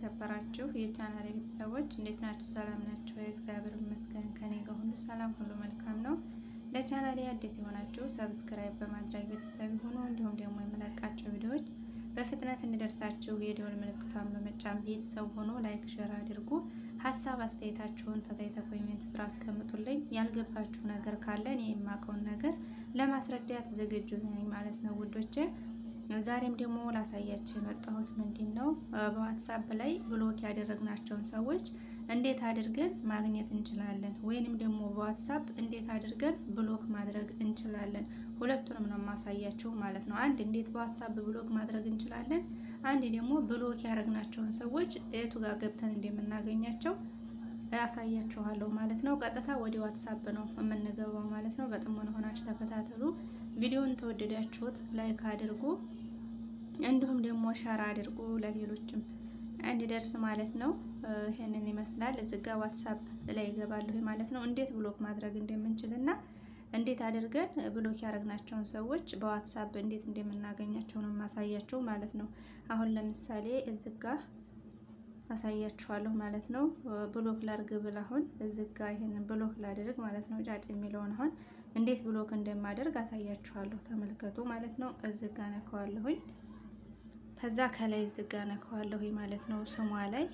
የተከበራችሁ የቻናል ቤተሰቦች እንዴት ናችሁ? ሰላም ናችሁ? እግዚአብሔር ይመስገን ከኔ ጋር ሁሉ ሰላም፣ ሁሉ መልካም ነው። ለቻናሌ አዲስ የሆናችሁ ሰብስክራይብ በማድረግ ቤተሰብ ሆኖ እንዲሁም ደግሞ የመለቃቸው ቪዲዮዎች በፍጥነት እንዲደርሳችሁ የደወል ምልክቷን በመጫን ቤተሰብ ሆኖ ላይክ፣ ሼር አድርጉ። ሀሳብ አስተያየታችሁን ተጠይተ ኮሜንት ስራ አስቀምጡልኝ። ያልገባችሁ ነገር ካለን እኔ የማውቀውን ነገር ለማስረዳት ዝግጁ ነኝ ማለት ነው ውዶቼ ዛሬም ደግሞ ላሳያችሁ የመጣሁት ምንድን ነው በዋትሳፕ ላይ ብሎክ ያደረግናቸውን ሰዎች እንዴት አድርገን ማግኘት እንችላለን፣ ወይንም ደግሞ በዋትሳፕ እንዴት አድርገን ብሎክ ማድረግ እንችላለን። ሁለቱንም ነው የማሳያችሁ ማለት ነው። አንድ እንዴት በዋትሳፕ ብሎክ ማድረግ እንችላለን፣ አንድ ደግሞ ብሎክ ያደረግናቸውን ሰዎች የቱ ጋር ገብተን እንደምናገኛቸው ያሳያችኋለሁ ማለት ነው። ቀጥታ ወደ ዋትሳፕ ነው የምንገባው ማለት ነው። በጥሞና ሆናችሁ ተከታተሉ። ቪዲዮን ተወደዳችሁት ላይክ አድርጉ። እንዲሁም ደግሞ ሸራ አድርጉ ለሌሎችም እንዲደርስ ማለት ነው። ይህንን ይመስላል። እዚ ጋ ዋትሳፕ ላይ ይገባለሁ ማለት ነው። እንዴት ብሎክ ማድረግ እንደምንችልና እንዴት አድርገን ብሎክ ያደረግናቸውን ሰዎች በዋትሳፕ እንዴት እንደምናገኛቸው ነው ማሳያቸው ማለት ነው። አሁን ለምሳሌ እዚ ጋ አሳያችኋለሁ ማለት ነው። ብሎክ ላድርግ ብል አሁን ጋ ይህንን ብሎክ ላድርግ ማለት ነው። ጫጭ የሚለውን አሁን እንዴት ብሎክ እንደማደርግ አሳያችኋለሁ። ተመልከቱ ማለት ነው። እዚ ጋ ነከዋለሁኝ ከዛ ከላይ ዝጋ ነካዋለሁ ማለት ነው። ስሟ ላይ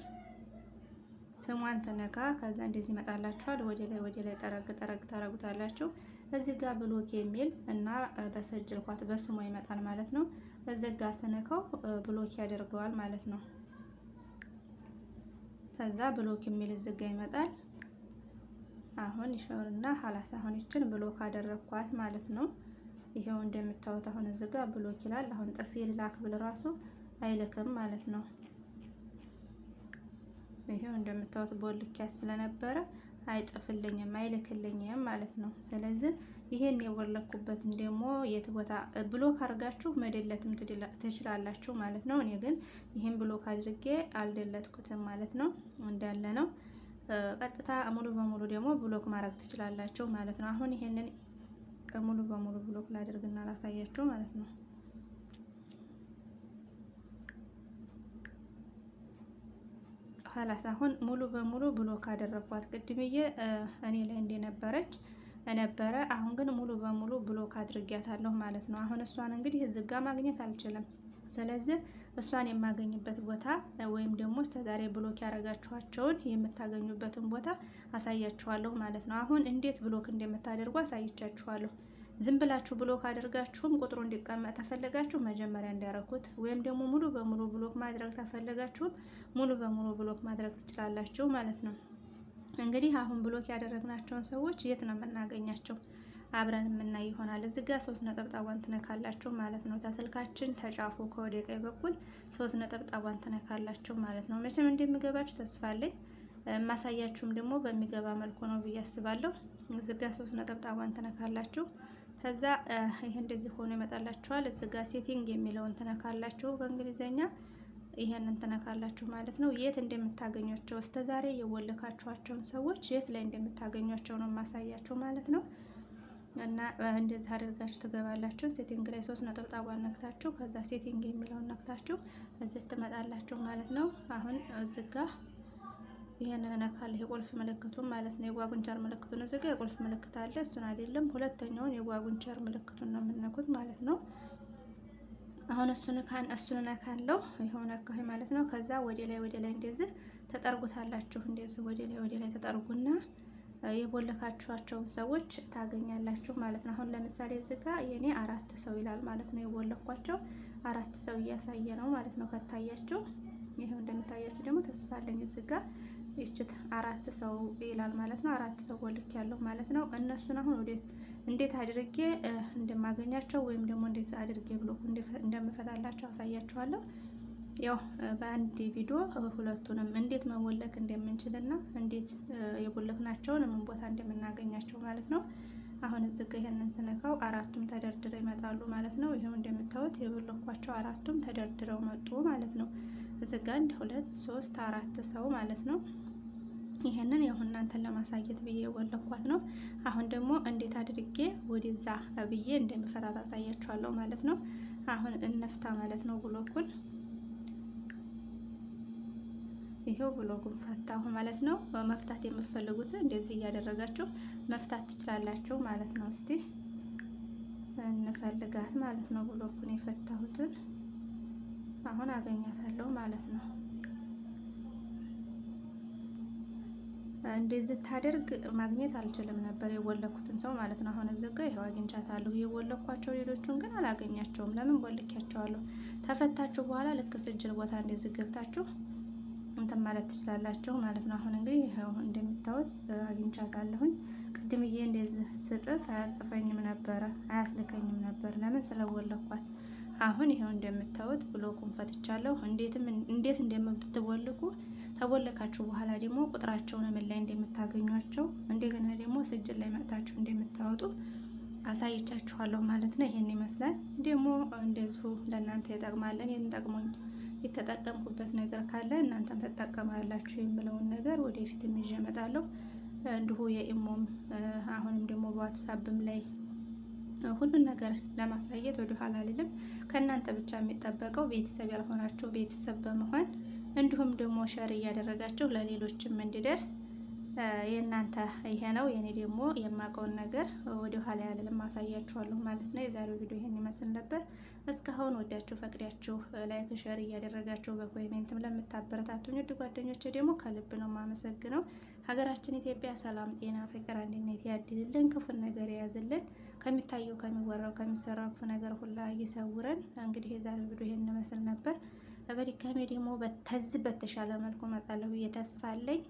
ስሟን ትነካ ከዛ እንደዚህ ይመጣላችኋል። ወደ ላይ ወደ ላይ ጠረግ ጠረግ ታረጉታላችሁ። እዚህ ጋር ብሎክ የሚል እና በሰጅል ኳት በስሟ ይመጣል ማለት ነው። እዚህ ስነካው ብሎክ ያደርገዋል ማለት ነው። ከዛ ብሎክ የሚል እዝጋ ይመጣል። አሁን ይሸርና ሀላስ አሁን ይችን ብሎክ አደረግኳት ማለት ነው። ይሄው እንደምታዩት አሁን እዚህ ጋር ብሎክ ይላል። አሁን ጥፊ ልላክ ብል ራሱ አይልክም ማለት ነው። ይሄው እንደምታዩት ቦልኪያ ስለነበረ አይጥፍልኝም አይልክልኝም ማለት ነው። ስለዚህ ይሄን የቦለኩበትን ደግሞ የት ቦታ ብሎክ አድርጋችሁ መደለትም ትችላላችሁ ማለት ነው። እኔ ግን ይህን ብሎክ አድርጌ አልደለትኩትም ማለት ነው። እንዳለ ነው። ቀጥታ ሙሉ በሙሉ ደግሞ ብሎክ ማድረግ ትችላላችሁ ማለት ነው። አሁን ይሄንን ሙሉ በሙሉ ብሎክ ላደርግና ላሳያችሁ ማለት ነው። ኋላስ አሁን ሙሉ በሙሉ ብሎክ አደረኳት። ቅድምዬ እኔ ላይ እንደነበረች ነበረ። አሁን ግን ሙሉ በሙሉ ብሎክ አድርጊያታለሁ ማለት ነው። አሁን እሷን እንግዲህ እዚህ ማግኘት አልችልም። ስለዚህ እሷን የማገኝበት ቦታ ወይም ደግሞ እስከዛሬ ብሎክ ያደረጋችኋቸውን የምታገኙበትን ቦታ አሳያችኋለሁ ማለት ነው። አሁን እንዴት ብሎክ እንደምታደርጉ አሳይቻችኋለሁ። ዝም ብላችሁ ብሎክ አድርጋችሁም ቁጥሩ እንዲቀመጥ ተፈለጋችሁ መጀመሪያ እንዲያረኩት ወይም ደግሞ ሙሉ በሙሉ ብሎክ ማድረግ ተፈለጋችሁም ሙሉ በሙሉ ብሎክ ማድረግ ትችላላችሁ ማለት ነው። እንግዲህ አሁን ብሎክ ያደረግናቸውን ሰዎች የት ነው የምናገኛቸው? አብረን የምናይ ይሆናል። እዚህ ጋር ሶስት ነጠብጣቧን ትነካላችሁ ማለት ነው። ተስልካችን ተጫፉ ከወደ ቀኝ በኩል ሶስት ነጠብጣቧን ትነካላችሁ ማለት ነው። መቼም እንደሚገባችሁ ተስፋ አለኝ። ማሳያችሁም ደግሞ በሚገባ መልኩ ነው ብዬ አስባለሁ። እዚህ ጋር ሶስት ነጠብጣቧን ትነካላችሁ። ከዛ ይህ እንደዚህ ሆኖ ይመጣላችኋል። እዚህ ጋር ሴቲንግ የሚለውን ትነካላችሁ በእንግሊዘኛ ይሄንን ትነካላችሁ ማለት ነው። የት እንደምታገኟቸው እስከዛሬ የወለካችኋቸውን ሰዎች የት ላይ እንደምታገኟቸው ነው የማሳያችሁ ማለት ነው። እና እንደዚህ አድርጋችሁ ትገባላችሁ። ሴቲንግ ላይ ሶስት ነጠብጣቧን ነክታችሁ ከዛ ሴቲንግ የሚለውን ነክታችሁ እዚህ ትመጣላችሁ ማለት ነው። አሁን እዚጋ ይሄንን እነካለሁ የቁልፍ ምልክቱን ማለት ነው። የጓጉንቸር ምልክቱን እዚጋ የቁልፍ ምልክት አለ። እሱን አይደለም ሁለተኛውን የጓጉንቸር ምልክቱን ነው የምነኩት ማለት ነው። አሁን እሱን ካን እሱን ነካለው ይኸው ነካሁ ማለት ነው። ከዛ ወደ ላይ ወደ ላይ እንደዚህ ተጠርጉታላችሁ። እንደዚህ ወደ ላይ ወደ ላይ ተጠርጉና የቦለካችኋቸውን ሰዎች ታገኛላችሁ ማለት ነው። አሁን ለምሳሌ እዚህ ጋር የኔ አራት ሰው ይላል ማለት ነው። የቦለኳቸው አራት ሰው እያሳየ ነው ማለት ነው። ከታያችሁ ይሄው እንደምታያችሁ ደግሞ ተስፋ አለኝ እዚህ ጋር ይችት አራት ሰው ይላል ማለት ነው። አራት ሰው ወልክ ያለው ማለት ነው። እነሱን አሁን ወዴት እንዴት አድርጌ እንደማገኛቸው ወይም ደግሞ እንዴት አድርጌ ብሎ እንደምፈታላቸው አሳያችኋለሁ። ያው በአንድ ቪዲዮ ሁለቱንም እንዴት መወለክ እንደምንችልና እንዴት የቦለክናቸውን ምን ቦታ እንደምናገኛቸው ማለት ነው። አሁን እዚህ ጋር ይሄንን ስነካው አራቱም ተደርድረው ይመጣሉ ማለት ነው። ይሄው እንደምታዩት የቦለኳቸው አራቱም ተደርድረው መጡ ማለት ነው። እዚህ ጋር አንድ ሁለት ሶስት አራት ሰው ማለት ነው። ይሄንን ያው እናንተን ለማሳየት ብዬ የወለኳት ነው። አሁን ደግሞ እንዴት አድርጌ ወደዛ ብዬ እንደሚፈራራ አሳያችኋለሁ ማለት ነው። አሁን እነፍታ ማለት ነው ብሎኩን። ይሄው ብሎኩን ፈታሁ ማለት ነው። መፍታት የምትፈልጉትን እንደዚህ እያደረጋችሁ መፍታት ትችላላችሁ ማለት ነው። እስቲ እንፈልጋት ማለት ነው። ብሎኩን የፈታሁትን አሁን አገኛታለሁ ማለት ነው። እንደዚህ ታደርግ ማግኘት አልችልም ነበር የወለኩትን ሰው ማለት ነው። አሁን እዚህ ጋር ይኸው አግኝቻታለሁ። የወለኳቸው ሌሎቹን ግን አላገኛቸውም። ለምን ወልኪያቸዋለሁ? ተፈታችሁ በኋላ ልክ ስጅል ቦታ እንደዚህ ገብታችሁ እንትን ማለት ትችላላችሁ ማለት ነው። አሁን እንግዲህ ይኸው እንደምታዩት አግኝቻታለሁኝ። ቅድምዬ እንደዚህ ስጥፍ አያጽፈኝም ነበረ፣ አያስልከኝም ነበር። ለምን ስለወለኳት አሁን ይሄው እንደምታዩት ብሎኩን ፈትቻለሁ። እንዴትም እንዴት እንደምትወልቁ ተወለካችሁ በኋላ ደግሞ ቁጥራቸውን ምን ላይ እንደምታገኟቸው እንደገና ደግሞ ስጅል ላይ መጥታችሁ እንደምታወጡ አሳይቻችኋለሁ ማለት ነው። ይሄን ይመስላል። ደግሞ እንደዚሁ ለእናንተ ይጠቅማለን የምጠቅሙኝ የተጠቀምኩበት ነገር ካለ እናንተም ተጠቀማላችሁ የምለውን ነገር ወደፊትም ይዤ እመጣለሁ። እንዲሁ የኢሞም አሁንም ደግሞ በዋትሳፕም ላይ ሁሉን ነገር ለማሳየት ወደኋላ አልልም። ከእናንተ ብቻ የሚጠበቀው ቤተሰብ ያልሆናችሁ ቤተሰብ በመሆን እንዲሁም ደግሞ ሸር እያደረጋችሁ ለሌሎችም እንዲደርስ የእናንተ ይሄ ነው። የኔ ደግሞ የማውቀውን ነገር ወደ ኋላ ያለ ማሳያችኋለሁ ማለት ነው። የዛሬው ቪዲዮ ይሄን ይመስል ነበር። እስካሁን ወዳችሁ ፈቅዳችሁ ላይክ፣ ሸር እያደረጋችሁ በኮሜንትም ለምታበረታቱኝ ውድ ጓደኞቼ ደግሞ ከልብ ነው ማመሰግነው። ሀገራችን ኢትዮጵያ ሰላም፣ ጤና፣ ፍቅር፣ አንድነት ያድልልን፣ ክፉን ነገር የያዝልን፣ ከሚታየው ከሚወራው ከሚሰራው ክፉ ነገር ሁላ ይሰውረን። እንግዲህ የዛሬው ቪዲዮ ይሄን ይመስል ነበር። በድጋሜ ደግሞ በተዝ በተሻለ መልኩ መጣለሁ ብዬ ተስፋ አለኝ።